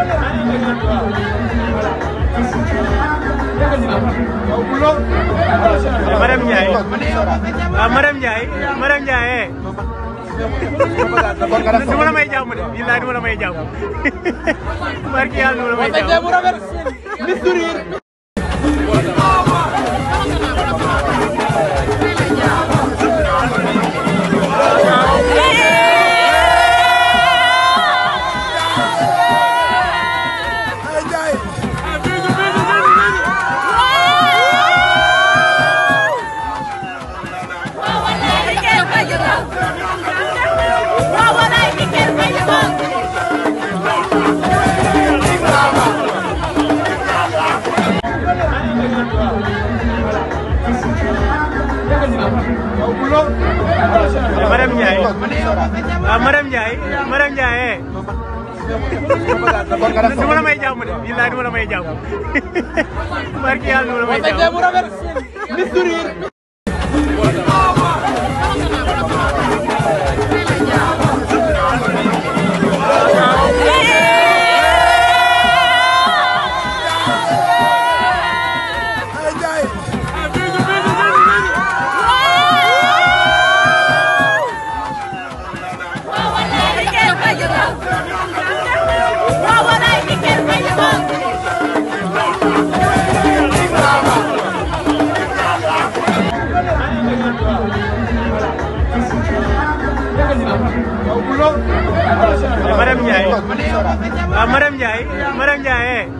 madame Ndiaye waaw ah, madame Ndiaye madame Ndiaye eh. du ma la may jàmm de billaay du ma la may jàmm barki yàlla du ma la may jàmm Yeah! madame Ndiaye waaw ah, madame Ndiaye madame Ndiaye eh. du ma la may jàmm de billaay du ma la may jàmm barki yàlla du ma la may jàmm Yeah! Ah, madame Ndiaye waaw ah, madame Ndiaye madame Ndiaye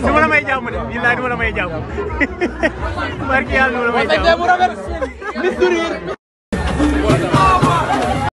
du ma la may jàmm de billaay du ma la may jàmm barki